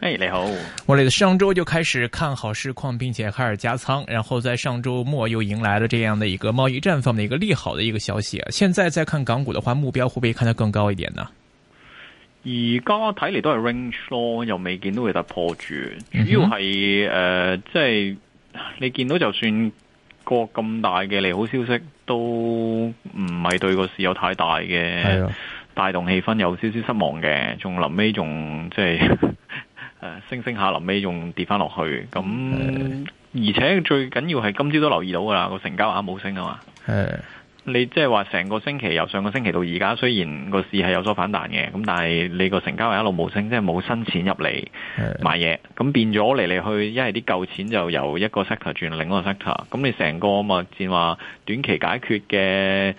誒，hey, 你好！我哋上周就開始看好市況，並且開始加倉，然後在上周末又迎來了這樣的一個貿易戰放的一個利好的一個消息。現在再看港股的話，目標會唔會看得更高一點呢？而家睇嚟都係 range 咯，又未見到佢突破住，主要係誒、嗯哼呃，即係你見到就算個咁大嘅利好消息，都唔係對個市有太大嘅帶動氣氛，有少少失望嘅，仲臨尾仲即係。升升下，臨尾用跌翻落去。咁的而且最緊要係今朝都留意到噶啦，個成交額冇升啊嘛。係的你即係話成個星期由上個星期到而家，雖然個市係有所反彈嘅，咁但係你個成交額係一路冇升，即係冇新錢入嚟買嘢。咁的變咗嚟嚟去，一係啲舊錢就由一個 sector 轉到另一個 sector。咁你成個啊嘛，即係話短期解決嘅。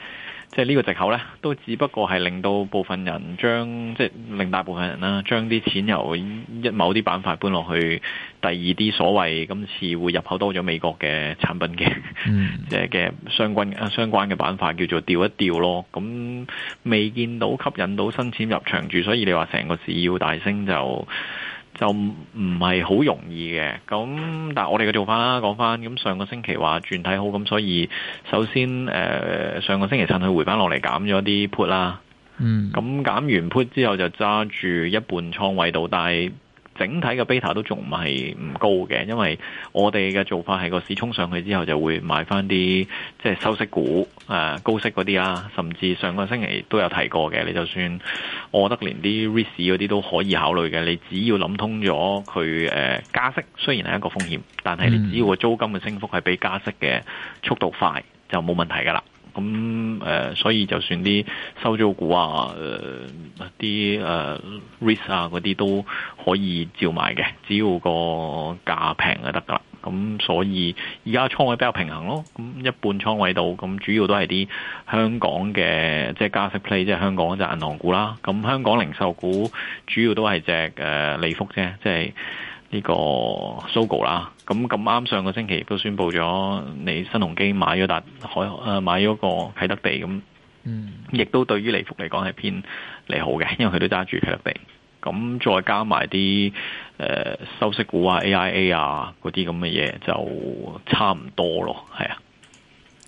即係呢個藉口呢，都只不過係令到部分人將，即係令大部分人啦，將啲錢由一某啲板塊搬落去第二啲所謂今次會入口多咗美國嘅產品嘅，嗯、即係嘅相關相關嘅板塊叫做調一調咯。咁未見到吸引到新錢入場住，所以你話成個市要大升就。就唔係好容易嘅，咁但係我哋嘅做法啦，講翻咁上個星期話轉體好，咁所以首先誒、呃，上個星期趁佢回翻落嚟減咗啲 put 啦，嗯，咁減完 put 之後就揸住一半倉位度，但係。整體嘅 beta 都仲唔係唔高嘅，因為我哋嘅做法係個市衝上去之後就會買翻啲即係收息股、誒、呃、高息嗰啲啦，甚至上個星期都有提過嘅。你就算我覺得連啲 REITs 嗰啲都可以考慮嘅，你只要諗通咗佢誒加息雖然係一個風險，但係你只要個租金嘅升幅係比加息嘅速度快，就冇問題噶啦。咁誒、呃，所以就算啲收租股啊、誒啲誒 risk 啊嗰啲都可以照買嘅，只要個價平就得噶啦。咁所以而家倉位比較平衡咯，咁一半倉位度，咁主要都係啲香港嘅，即係加息 play，即係香港嗰隻銀行股啦。咁香港零售股主要都係隻誒利福啫，即係。呢個 Sogo 啦，咁咁啱上個星期都宣布咗，你新鴻基買咗笪海，誒買咗個啟德地咁，嗯，亦都對於利福嚟講係偏利好嘅，因為佢都揸住啟德地，咁再加埋啲誒收息股啊 AIA 啊嗰啲咁嘅嘢，就差唔多咯，係啊。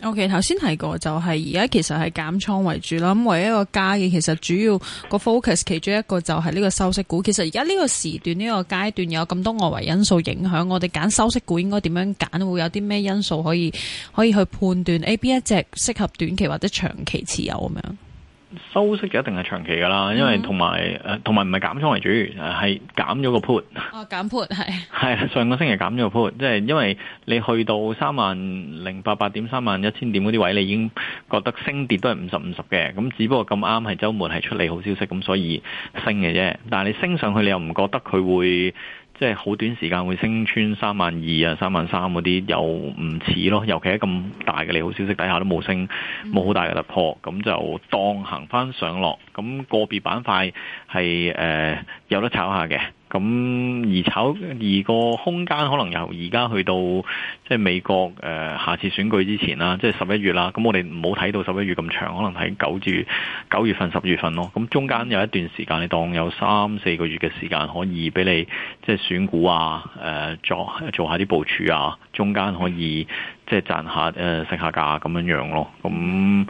OK，頭先提過就係而家其實係減倉為主啦。咁唯一一個加嘅其實主要個 focus 其中一個就係呢個收息股。其實而家呢個時段呢、呢個階段有咁多外圍因素影響，我哋揀收息股應該點樣揀？會有啲咩因素可以可以去判斷？A B 一隻適合短期或者長期持有咁樣？收息嘅一定係長期噶啦，因為同埋誒，同埋唔係減倉為主，係減咗個 put。Oh，哦，減 put 係。係上個星期減咗個 put，即係因為你去到三萬零八百點、三萬一千點嗰啲位，你已經覺得升跌都係五十五十嘅，咁只不過咁啱係周末係出嚟好消息，咁所以升嘅啫。但係你升上去，你又唔覺得佢會？即係好短時間會升穿三萬二啊、三萬三嗰啲又唔似咯，尤其喺咁大嘅利好消息底下都冇升，冇好、嗯、大嘅突破，咁就當行翻上落，咁、那個別板塊係誒、呃、有得炒下嘅。咁而炒而個空間可能由而家去到即係美國誒、呃，下次選舉之前啦，即係十一月啦。咁我哋唔好睇到十一月咁長，可能喺九至九月份、十月份咯。咁中間有一段時間，你當有三四個月嘅時間可以俾你即係選股啊，誒、呃，做做下啲部署啊，中間可以即係賺下誒，升、呃、下價咁樣樣咯。咁誒、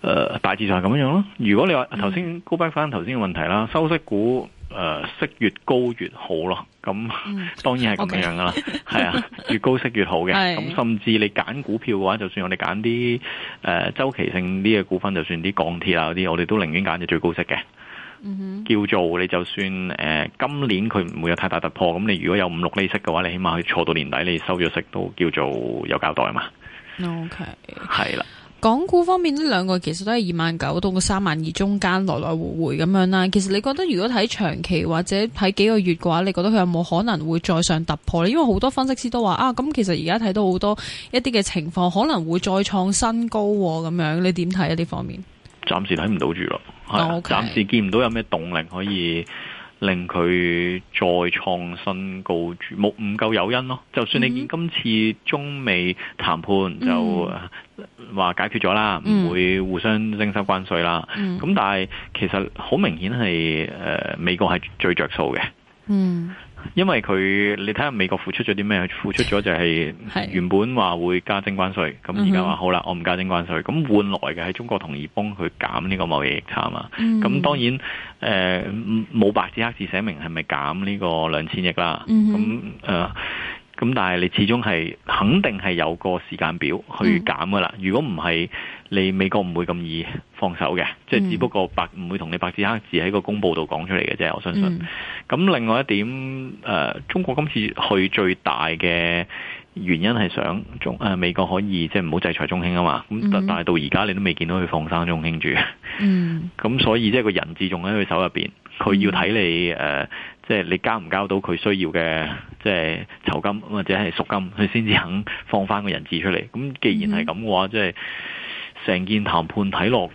呃，大致上係咁樣樣咯。如果你話頭先 go back 翻頭先嘅問題啦，收息股。誒，uh, 息越高越好咯，咁 當然係咁樣噶啦，係 Okay. 啊，越高息越好嘅。咁 甚至你揀股票嘅話，就算我哋揀啲誒周期性啲嘅股份，就算啲鋼鐵啊嗰啲，我哋都寧願揀隻最高息嘅。Mm hmm. 叫做你就算誒、呃、今年佢唔會有太大突破，咁你如果有五六厘息嘅話，你起碼去坐到年底，你收咗息都叫做有交代啊嘛。O K，係啦。港股方面，呢兩個其實都係二萬九到三萬二中間來來回回咁樣啦。其實你覺得如果睇長期或者睇幾個月嘅話，你覺得佢有冇可能會再上突破呢？因為好多分析師都話啊，咁其實而家睇到好多一啲嘅情況可能會再創新高喎。咁樣。你點睇一啲方面？暫時睇唔到住咯，Okay. 暫時見唔到有咩動力可以。嗯令佢再創新高，冇唔夠有因咯。就算你見今次中美談判、mm hmm. 就話解決咗啦，唔會互相徵收關稅啦。咁、mm hmm. 但係其實好明顯係誒、呃、美國係最着數嘅。嗯、mm。Hmm. 因為佢，你睇下美國付出咗啲咩？付出咗就係原本話會加徵關稅，咁而家話好啦，我唔加徵關稅。咁換來嘅係中國同意幫佢減呢個貿易逆差嘛。咁、嗯、當然誒，冇、呃、白紙黑字寫明係咪減呢個兩千億啦。咁啊、嗯哼。咁但係你始終係肯定係有個時間表去減噶啦，嗯、如果唔係你美國唔會咁易放手嘅，即係、嗯、只不過白唔會同你白紙黑字喺個公報度講出嚟嘅啫，我相信。咁、嗯、另外一點誒、呃，中國今次去最大嘅原因係想中誒、呃、美國可以即係唔好制裁中興啊嘛，咁但係、嗯、到而家你都未見到佢放生中興住，咁所以即係個人質仲喺佢手入邊，佢要睇你誒、呃，即係你交唔交到佢需要嘅。即係酬金或者係贖金，佢先至肯放翻個人質出嚟。咁既然係咁嘅話，即係成件談判睇落，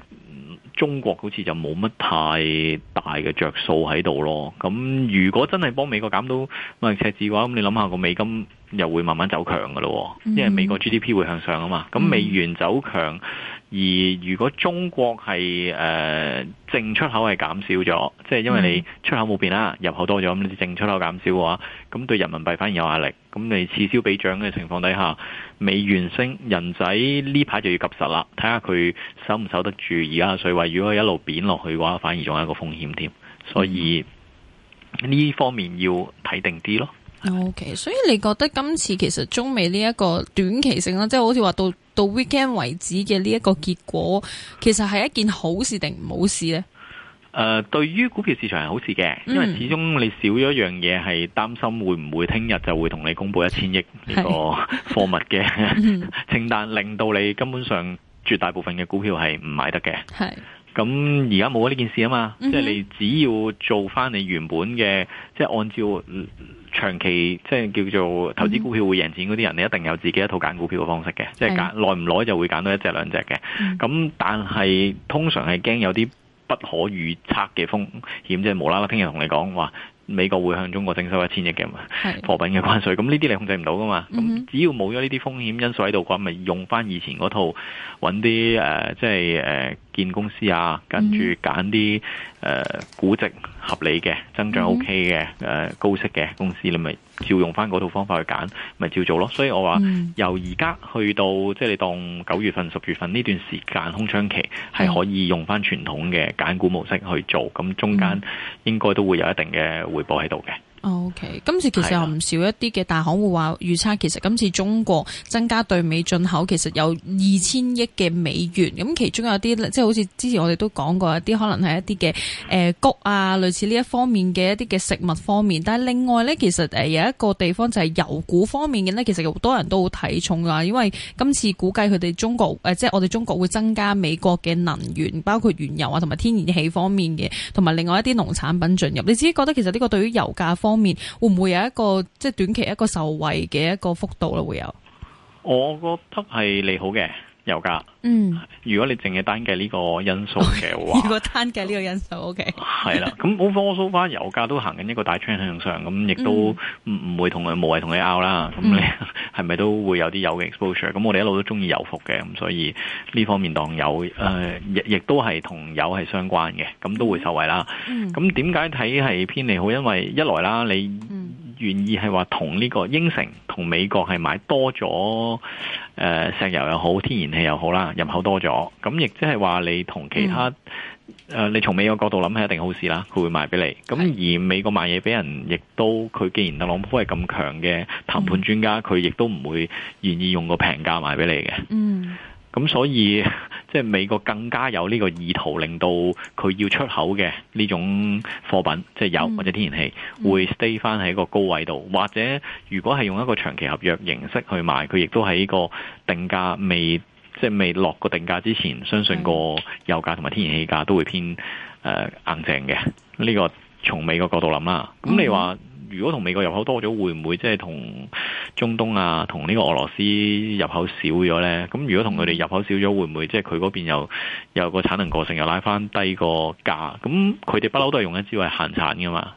中國好似就冇乜太大嘅着數喺度咯。咁如果真係幫美國減到貿赤字嘅話，咁你諗下個美金又會慢慢走強嘅咯。因為美國 GDP 會向上啊嘛，咁美元走強。嗯嗯而如果中國係誒淨出口係減少咗，即係因為你出口冇變啦，入口多咗咁，你淨出口減少嘅話，咁對人民幣反而有壓力。咁你此消彼長嘅情況底下，美元升，人仔呢排就要及實啦。睇下佢守唔守得住而家嘅水位。如果一路貶落去嘅話，反而仲有一個風險添。所以呢、嗯、方面要睇定啲咯。Okay，所以你覺得今次其實中美呢一個短期性啦，即係好似話到到 weekend 為止嘅呢一個結果，其實係一件好事定唔好事咧？誒、呃，對於股票市場係好事嘅。嗯、因為始終你少咗一樣嘢，係擔心會唔會聽日就會同你公佈一千億呢個貨物嘅清單， 嗯、 令到你根本上絕大部分嘅股票係唔買得嘅。係。咁而家冇咗呢件事啊嘛，即係你只要做翻你原本嘅，即係按照長期，即係叫做投資股票會贏錢嗰啲人，你一定有自己一套揀股票嘅方式嘅，即係揀耐唔耐就會揀到一隻兩隻嘅。咁但係通常係驚有啲不可預測嘅風險，即係無啦啦聽日同你講話美國會向中國徵收一千億嘅貨品嘅關稅，咁呢啲你控制唔到噶嘛。咁只要冇咗呢啲風險因素喺度，咁咪用翻以前嗰套搵啲誒，即係誒。建公司啊，跟住揀啲誒估值合理嘅、增長 OK 嘅、誒、呃、高息嘅公司，你咪照用翻嗰套方法去揀，咪照做咯。所以我話由而家去到即係、就是、你當九月份、十月份呢段時間空窗期，係可以用翻傳統嘅揀股模式去做，咁中間應該都會有一定嘅回報喺度嘅。OK，今次其實有唔少一啲嘅大行會話預測。其實今次中國增加對美進口，其實有二千億嘅美元。咁其中有啲即係好似之前我哋都講過，一啲，可能係一啲嘅誒谷啊，類似呢一方面嘅一啲嘅食物方面。但係另外咧，其實誒有一個地方就係油股方面嘅咧，其實好多人都好睇重噶，因為今次估計佢哋中國誒即係我哋中國會增加美國嘅能源，包括原油啊同埋天然氣方面嘅，同埋另外一啲農產品進入。你自己覺得其實呢個對於油價方面？方面，會唔會有一個即係短期一個受惠嘅一個幅度咧？會有，我覺得係利好嘅油價。嗯，如果你淨係單計呢個因素嘅話， 如果單計呢個因素，OK，係啦，咁、okay、 我翻，我數翻油價都行緊一個大趨勢向上，咁亦都唔會同佢、嗯、無謂同佢拗 u 啦。咁你係咪、嗯、 都會有啲油嘅 exposure？咁我哋一路都中意油服嘅，咁所以呢方面當有，誒、呃，亦亦都係同油係相關嘅，咁都會受惠啦。咁點解睇係偏利好？因為一來啦，你願意係話同呢個應承同美國係買多咗誒、呃，石油又好，天然氣又好啦。人口多咗，咁亦即係話你同其他誒、嗯呃，你從美國角度諗係一定好事啦，佢會賣俾你。咁是而美國賣嘢俾人，亦都佢既然特朗普係咁強嘅談判專家，佢亦、嗯、都唔會願意用個平價賣俾你嘅。嗯，咁所以即係、就是、美國更加有呢個意圖，令到佢要出口嘅呢種貨品，即係油或者天然氣，嗯、會 stay 翻喺一個高位度。或者如果係用一個長期合約形式去賣，佢亦都喺個定價未。即係未落個定價之前，相信個油價同埋天然氣價都會偏誒、呃、硬淨嘅。呢、這個從美國角度諗啦，咁、嗯、你話如果同美國入口多咗，會唔會即係同中東啊，同呢個俄羅斯入口少咗呢？咁如果同佢哋入口少咗，會唔會即係佢嗰邊又有,有個產能過剩，又拉翻低個價？咁佢哋不嬲都係用一招係限產噶嘛？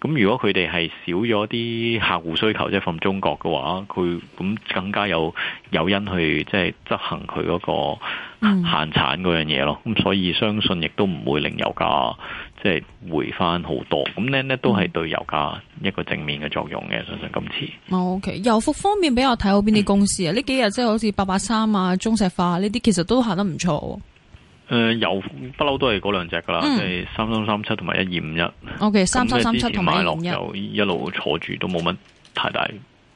咁如果佢哋係少咗啲客戶需求，即係放中國嘅話，佢咁更加有有誘因去即係執行佢嗰個限產嗰樣嘢咯。咁、嗯嗯、所以相信亦都唔會令油價即係回翻好多。咁呢咧都係對油價一個正面嘅作用嘅。相信今次。OK，油服方面比較睇好邊啲公司啊？呢、嗯、幾日即係好似八八三啊、中石化呢啲，其實都行得唔錯、啊。誒，油服不嬲都係嗰兩隻噶啦，即係三三三七同埋一二五一。O K，三三三七同埋一二五一。咁即係之前買落就一路坐住，都冇乜太大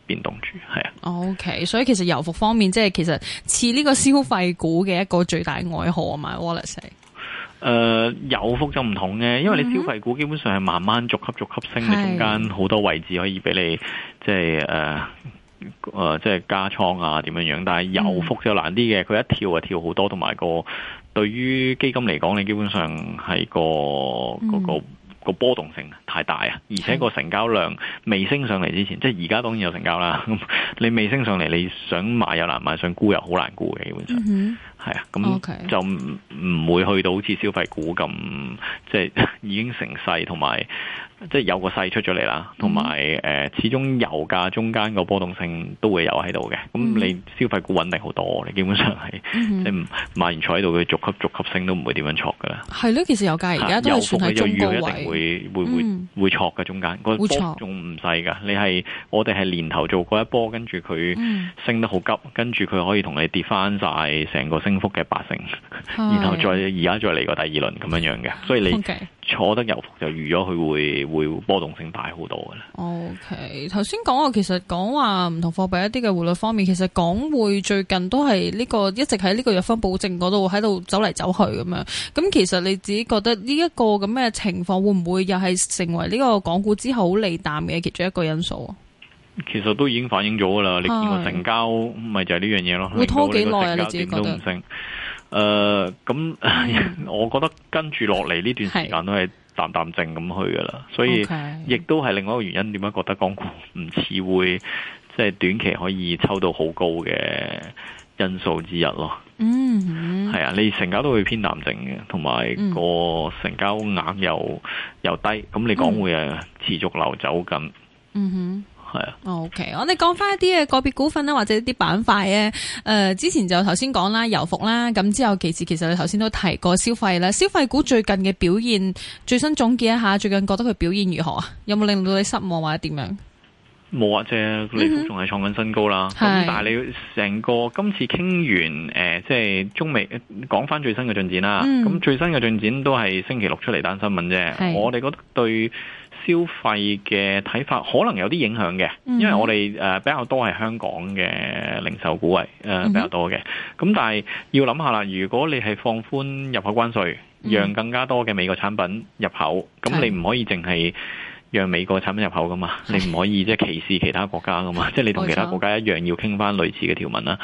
變動住，係啊。OK，所以其實油服方面，即係其實似呢個消費股嘅一個最大愛好啊，埋 w a l l a 誒，油，呃，服就唔同嘅，因為你消費股基本上係慢慢逐級逐級升，mm hmm. 你中間好多位置可以俾你，即係誒誒，即係加倉啊，點樣樣。但係油服就難啲嘅，佢，嗯，一跳就跳好多，同埋個。對於基金嚟講，你基本上係個嗰個個波動性太大啊，嗯、而且個成交量未升上嚟之前，的即係而家當然有成交啦。 你未升上嚟，你想買又難買，想沽又好難沽嘅，基本上係啊。咁、嗯、哼就唔會去到好似消費股咁。即係已經成勢，同埋即係有個勢出咗嚟啦，同埋誒，始終油價中間個波動性都會有喺度嘅。咁、嗯、你消費股穩定好多，你基本上係、嗯、你唔買完坐喺度，佢逐級逐級升都唔會點樣錯噶啦。係咯、嗯，其、嗯、實、啊、油價而家都係算係仲高位，會會會錯嘅中間、嗰個波仲唔細噶。你係我哋係年頭做過一波，跟住佢升得好急，跟住佢可以同你跌翻晒成個升幅嘅八成，是然後再而家再嚟個第二輪咁樣樣嘅。所以你坐得油就預咗佢會會波動性大好多嘅咧。O K，頭先講話其實講話唔同貨幣一啲嘅匯率方面，其實港匯最近都係呢、呢個一直喺呢個弱方保證嗰度喺度走嚟走去咁樣。咁其實你自己覺得呢一個咁嘅情況會唔會又係成為呢個港股之後好利淡嘅其中一個因素？其實都已經反映咗噶啦，是你見、就是、個成交咪就係呢樣嘢咯。會拖幾耐啊？你自己覺得？誒，咁、uh, uh, 我覺得跟住落嚟呢段時間都係淡淡靜咁去噶啦，是所以亦都係另外一個原因，點解覺得港股唔似會即係、就是、短期可以抽到好高嘅因素之一咯。嗯、mm，係、hmm. 啊，你成交都會偏淡靜嘅，同埋個成交額又又低，咁你港股會持續流走緊。嗯哼、mm。Hmm. 係啊，OK，我哋講翻一啲嘅個別股份啦，或者一啲板塊咧。誒、呃，之前就頭先講啦，油服啦，咁之後其次，其實你頭先都提過消費啦。消費股最近嘅表現，最新總結一下，最近覺得佢表現如何啊？有冇令到你失望或者點樣？冇啊，即係佢仲係創緊新高啦。咁、mm hmm. 但係你成個今次傾完，誒、呃，即係中美講翻最新嘅進展啦。咁、mm hmm. 最新嘅進展都係星期六出嚟單新聞啫。Mm hmm. 我哋覺得對。消費嘅睇法可能有啲影響嘅，因為我哋誒比較多係香港嘅零售股位，誒比較多嘅，咁但係要諗下啦，如果你係放寬入口關稅，讓更加多嘅美國產品入口，咁你唔可以淨係。讓美國產品入口㗎嘛，你唔可以即係歧視其他國家㗎嘛， 即係你同其他國家一樣要傾返類似嘅條文啦。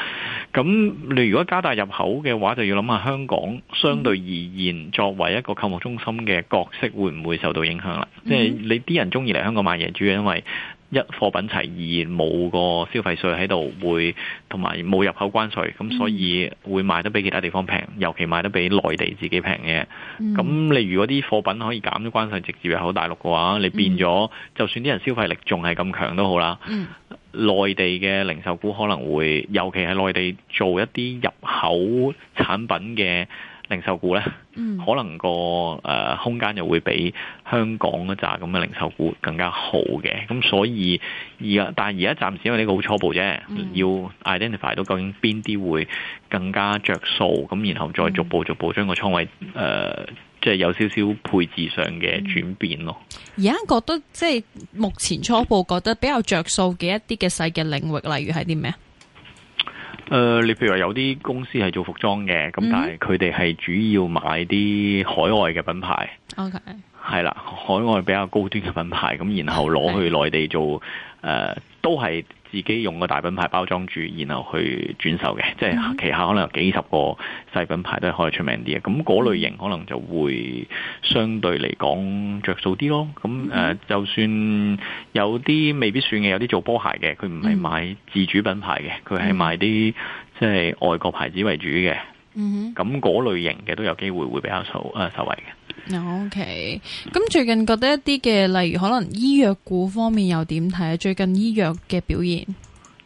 咁你如果加大入口嘅話，就要諗下香港相對而言作為一個購物中心嘅角色會唔會受到影響啦？即係 你啲人鍾意嚟香港買嘢，主要因為。一貨品齊，而冇個消費稅喺度，會同埋冇入口關稅，咁、嗯、所以會賣得比其他地方平，尤其賣得比內地自己平嘅。咁、嗯、你如果啲貨品可以減咗關稅，直接入口大陸嘅話，你變咗、嗯、就算啲人消費力仲係咁強都好啦。嗯、內地嘅零售股可能會，尤其係內地做一啲入口產品嘅。零售股咧，可能、個誒、呃、空間又會比香港嗰扎咁嘅零售股更加好嘅，咁所以而家，但係而家暫時因為呢個好初步啫，嗯、要 identify 到究竟邊啲會更加着數，咁然後再逐步逐步將個倉位誒，即、呃、係、就是、有少少配置上嘅轉變咯、嗯。而家覺得即係目前初步覺得比較着數嘅一啲嘅細嘅領域，例如係啲咩？誒、呃，你譬如話有啲公司係做服裝嘅，咁但係佢哋係主要買啲海外嘅品牌，OK，係啦，海外比較高端嘅品牌，咁然後攞去內地做，誒、呃，都係。自己用個大品牌包裝住，然後去轉售嘅，即係旗下可能有幾十個細品牌都係可以出名啲嘅。咁嗰類型可能就會相對嚟講着數啲咯。咁誒、呃，就算有啲未必算嘅，有啲做波鞋嘅，佢唔係買自主品牌嘅，佢係買啲即係外國牌子為主嘅。咁嗰、mm hmm. 類型嘅都有機會會比較受誒，受惠嘅。OK，咁最近覺得一啲嘅，例如可能醫藥股方面又點睇啊？最近醫藥嘅表現。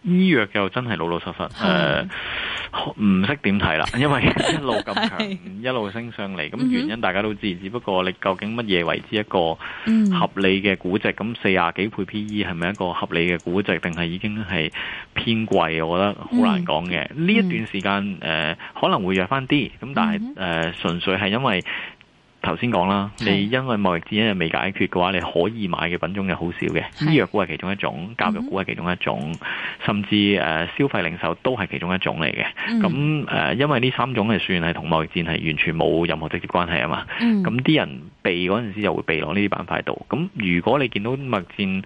醫藥又真係老老實實，誒是，唔識點睇啦，因為一路咁強， 是一路升上嚟。咁原因大家都知，只不過你究竟乜嘢為之一個合理嘅估值？咁四廿幾倍 PE 係咪一個合理嘅估值，定係已經係偏貴？我覺得好難講嘅。呢、嗯、一段時間誒、呃，可能會弱翻啲，咁但係誒，純、嗯嗯呃、粹係因為。頭先講啦，是你因為貿易戰未解決嘅話，你可以買嘅品種又好少嘅。是醫藥股係其中一種，教育股係其中一種，甚至誒消費零售都係其中一種嚟嘅。咁、hmm. 誒、呃，因為呢三種係算係同貿易戰係完全冇任何直接關係啊嘛。咁啲、mm hmm. 人避嗰陣時又會避落呢啲板塊度。咁如果你見到貿易戰起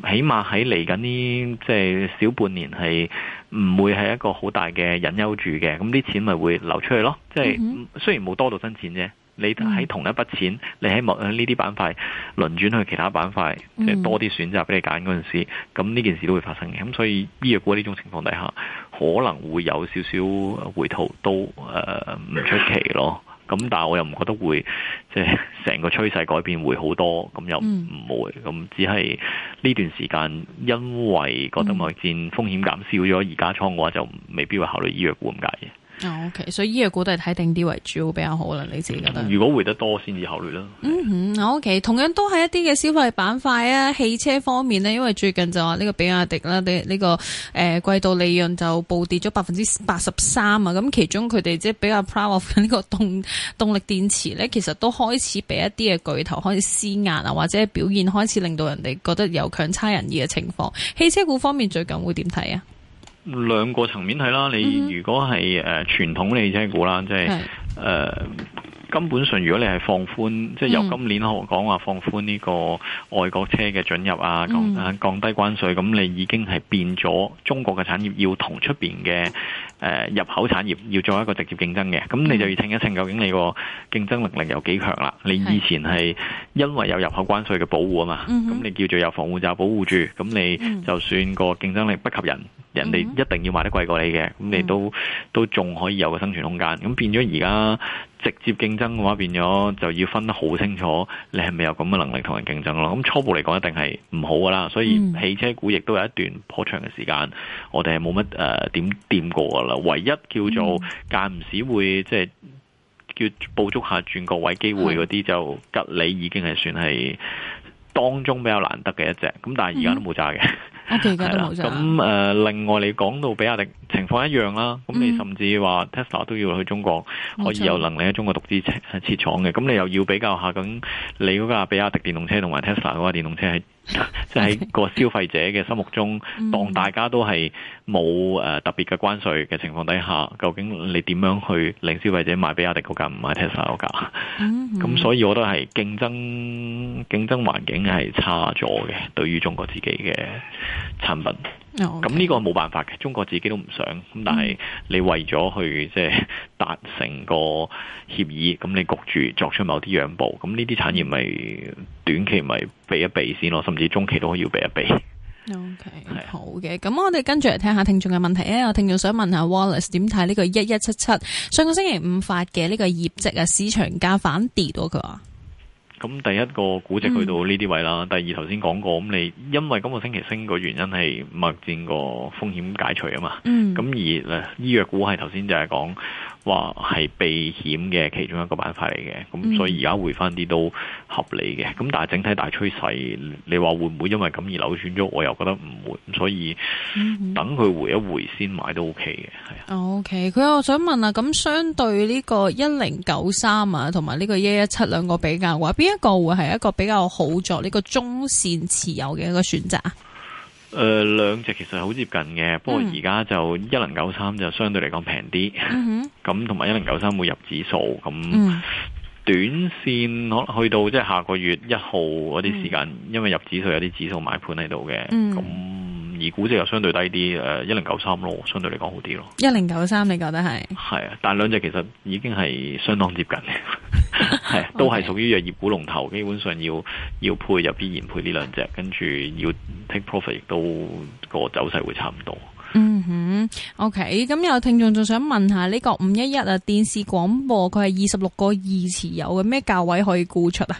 碼，起碼喺嚟緊呢，即係小半年係唔會係一個好大嘅隱憂住嘅。咁啲錢咪會流出去咯。即、就、係、是、雖然冇多到新錢啫。你喺同一筆錢，你喺某呢啲板塊輪轉去其他板塊，即、嗯、多啲選擇俾你揀嗰陣時，咁呢件事都會發生嘅。咁所以醫藥股呢種情況底下，可能會有少少回吐都誒唔、呃、出奇咯。咁但係我又唔覺得會即係成個趨勢改變會好多。咁又唔會。咁、嗯、只係呢段時間，因為覺得貿戰風險減少咗，而家、嗯、倉嘅話就未必會考慮醫藥股咁解嘅。o、oh, k、okay. 所以呢個股都係睇定啲為主比較好啦，你自己覺得？如果回得多先至考慮啦。嗯 o、okay. k 同樣都係一啲嘅消費板塊啊，汽車方面呢，因為最近就話呢個比亞迪啦，呢、這、呢個誒、呃、季度利潤就暴跌咗百分之八十三啊，咁其中佢哋即係比較 proud of 呢個動動力電池咧，其實都開始俾一啲嘅巨頭開始施壓啊，或者表現開始令到人哋覺得有強差人意嘅情況。汽車股方面最近會點睇啊？兩個層面睇啦，你如果係誒傳統，汽車股啦，即係誒。呃根本上，如果你係放寬，即係由今年可講話放寬呢個外國車嘅准入啊，降、嗯、降低關稅，咁你已經係變咗中國嘅產業要同出邊嘅誒入口產業要做一個直接競爭嘅，咁你就要清一清究竟你個競爭能力，力有幾強啦。你以前係因為有入口關稅嘅保護啊嘛，咁、嗯、哼你叫做有防護罩保護住，咁你就算個競爭力不及人，人哋一定要買得貴過你嘅，咁你都都仲可以有個生存空間，咁變咗而家。直接競爭嘅話，變咗就要分得好清楚，你係咪有咁嘅能力同人競爭咯？咁初步嚟講，一定係唔好㗎喇。所以汽車股亦都有一段頗長嘅時間，我哋係冇乜誒點掂過㗎喇。唯一叫做間唔時會即係叫捕捉下轉角位機會嗰啲，就吉利已經係算係。當中比較難得嘅一隻，咁但係而家都冇揸嘅，係啦、嗯。咁誒 了、呃，另外你講到比亞迪情況一樣啦，咁、嗯、你甚至話 Tesla 都要去中國、嗯、可以有能力喺中國獨資設設廠嘅，咁錯你又要比較下咁你嗰架比亞迪電動車同埋 Tesla 嗰架電動車，係即係個消費者嘅心目中當大家都係。嗯嗯嗯冇誒特別嘅關稅嘅情況底下，究竟你點樣去令消費者買比亞迪嗰間，唔買 Tesla 嗰間？咁、mm hmm. 所以我都係競爭競爭環境係差咗嘅，對於中國自己嘅產品。咁呢、oh, okay. 個冇辦法嘅，中國自己都唔想。咁但係你為咗去即係達成個協議，咁你焗住作出某啲讓步，咁呢啲產業咪短期咪避一避先咯，甚至中期都可以避一避。OK，好嘅，咁我哋跟住嚟聽下聽眾嘅問題咧。我聽眾想問下 Wallace 點睇呢個一一七七上個星期五發嘅呢個業績啊？市場價反跌，到佢話。咁第一個估值去到呢啲位啦。第二頭先講過，咁你因為今個星期升個原因係貿戰個風險解除啊嘛。嗯。咁而誒醫藥股係頭先就係講。話係避險嘅其中一個板塊嚟嘅，咁、嗯、所以而家回翻啲都合理嘅。咁但係整體大趨勢，你話會唔會因為咁而扭轉咗？我又覺得唔會，所以等佢回一回先買都 O K 嘅係啊。O K，佢又想問啊，咁相對呢個一零九三啊，同埋呢個一一七兩個比較嘅話，邊一個會係一個比較好作呢個中線持有嘅一個選擇啊？誒，兩隻、呃、其實好接近嘅，嗯、不過而家就一零九三就相對嚟講平啲，咁同埋一零九三會入指數，咁、嗯、短線可能去到即係下個月一號嗰啲時間，嗯、因為入指數有啲指數買盤喺度嘅，咁、嗯、而估值又相對低啲，誒一零九三咯，相對嚟講好啲咯。一零九三你覺得係？係啊，但係兩隻其實已經係相當接近嘅。 係，都係屬於藥業股龍頭，基本上要要配入必然配呢兩隻，跟住，要 take profit 亦都，個走勢會差唔多。嗯哼，OK，咁有聽眾仲想問下呢、這個五一一啊，電視廣播佢係二十六個二持有嘅咩價位可以沽出啊？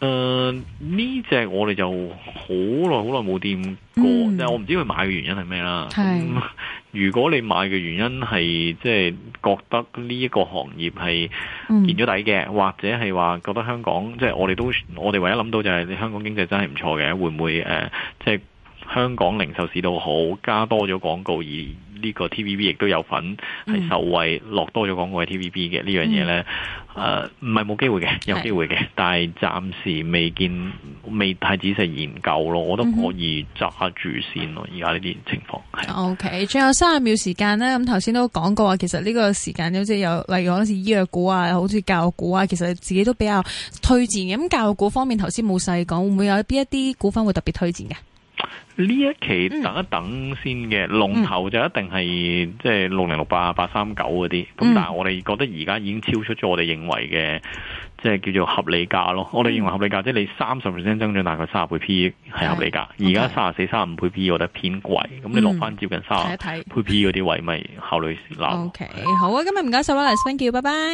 誒，呢隻、呃這個、我哋就好耐好耐冇掂過，嗯、即係我唔知佢買嘅原因係咩啦。如果你買嘅原因係即係覺得呢一個行業係建咗底嘅，嗯、或者係話覺得香港即係我哋都我哋唯一諗到就係你香港經濟真係唔錯嘅，會唔會誒、呃、即係香港零售市道好加多咗廣告而呢個 T V B 亦都有份係受惠落多咗廣告喺 T V B 嘅呢樣嘢呢。嗯誒，唔係冇機會嘅，有機會嘅，是但係暫時未見，未太仔細研究咯，我都可以揸住先咯。而家呢啲情況係。O K，仲有三十秒時間啦。咁頭先都講過話，其實呢個時間即係有，例如好似醫藥股啊，好似教育股啊，其實自己都比較推薦。咁教育股方面，頭先冇細講，會唔會有邊一啲股份會特別推薦嘅？呢一期等一等先嘅龍頭就一定係即係六零六八八三九嗰啲，咁、嗯、但係我哋覺得而家已經超出咗我哋認為嘅，即係叫做合理價咯。嗯、我哋認為合理價即係你三十 percent 增長大概三十倍 P 係合理價，嗯、而家三十四、三十五倍 P 我覺得偏貴，咁你落翻接近三十倍 P 嗰啲位咪考慮啦。OK，好啊，今日唔該晒，我哋 thank you，拜拜。